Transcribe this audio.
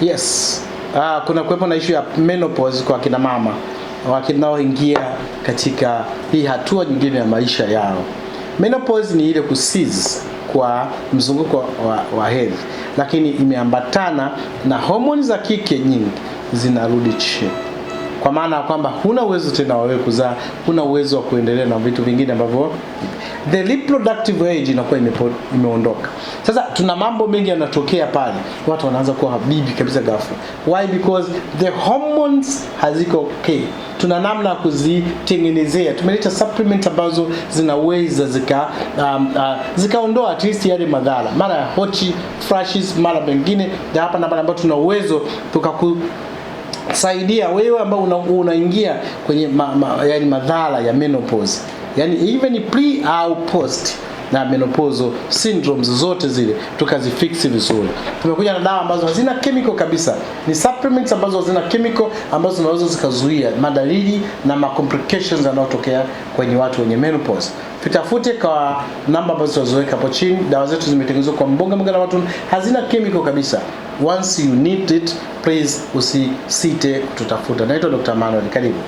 Yes. Uh, kuna kuwepo na issue ya menopause kwa kina mama wakinaoingia katika hii hatua nyingine ya maisha yao. Menopause ni ile kusiz kwa mzunguko wa, wa hedhi, lakini imeambatana na homoni za kike nyingi zinarudi chini kwa maana ya kwamba huna uwezo tena wa wewe kuzaa, huna uwezo wa kuendelea na vitu vingine ambavyo the reproductive age inakuwa imeondoka. Sasa tuna mambo mengi yanatokea pale, watu wanaanza kuwa habibi kabisa ghafla. Why? Because the hormones haziko okay. Tuna namna ya kuzitengenezea, tumeleta supplement ambazo zinaweza zika um, uh, zikaondoa at least yale madhara, mara ya hochi flashes, mara mengine hapa na pale, ambayo tuna uwezo tukaku saidia wewe ambao unaingia una kwenye ma, ma, yani madhara ya menopause, yani even pre au post na menopause syndromes zote zile tukazifix vizuri. Tumekuja na dawa ambazo hazina chemical kabisa, ni supplements ambazo hazina chemical ambazo zinaweza zikazuia madalili na ma complications yanayotokea kwenye watu wenye menopause. Tutafute kwa namba ambazo tunaziweka hapo chini. Dawa zetu zimetengenezwa kwa mboga mboga na watu, hazina chemical kabisa once you need it, please usisite kututafuta. Naitwa Dr. Manuel, karibu.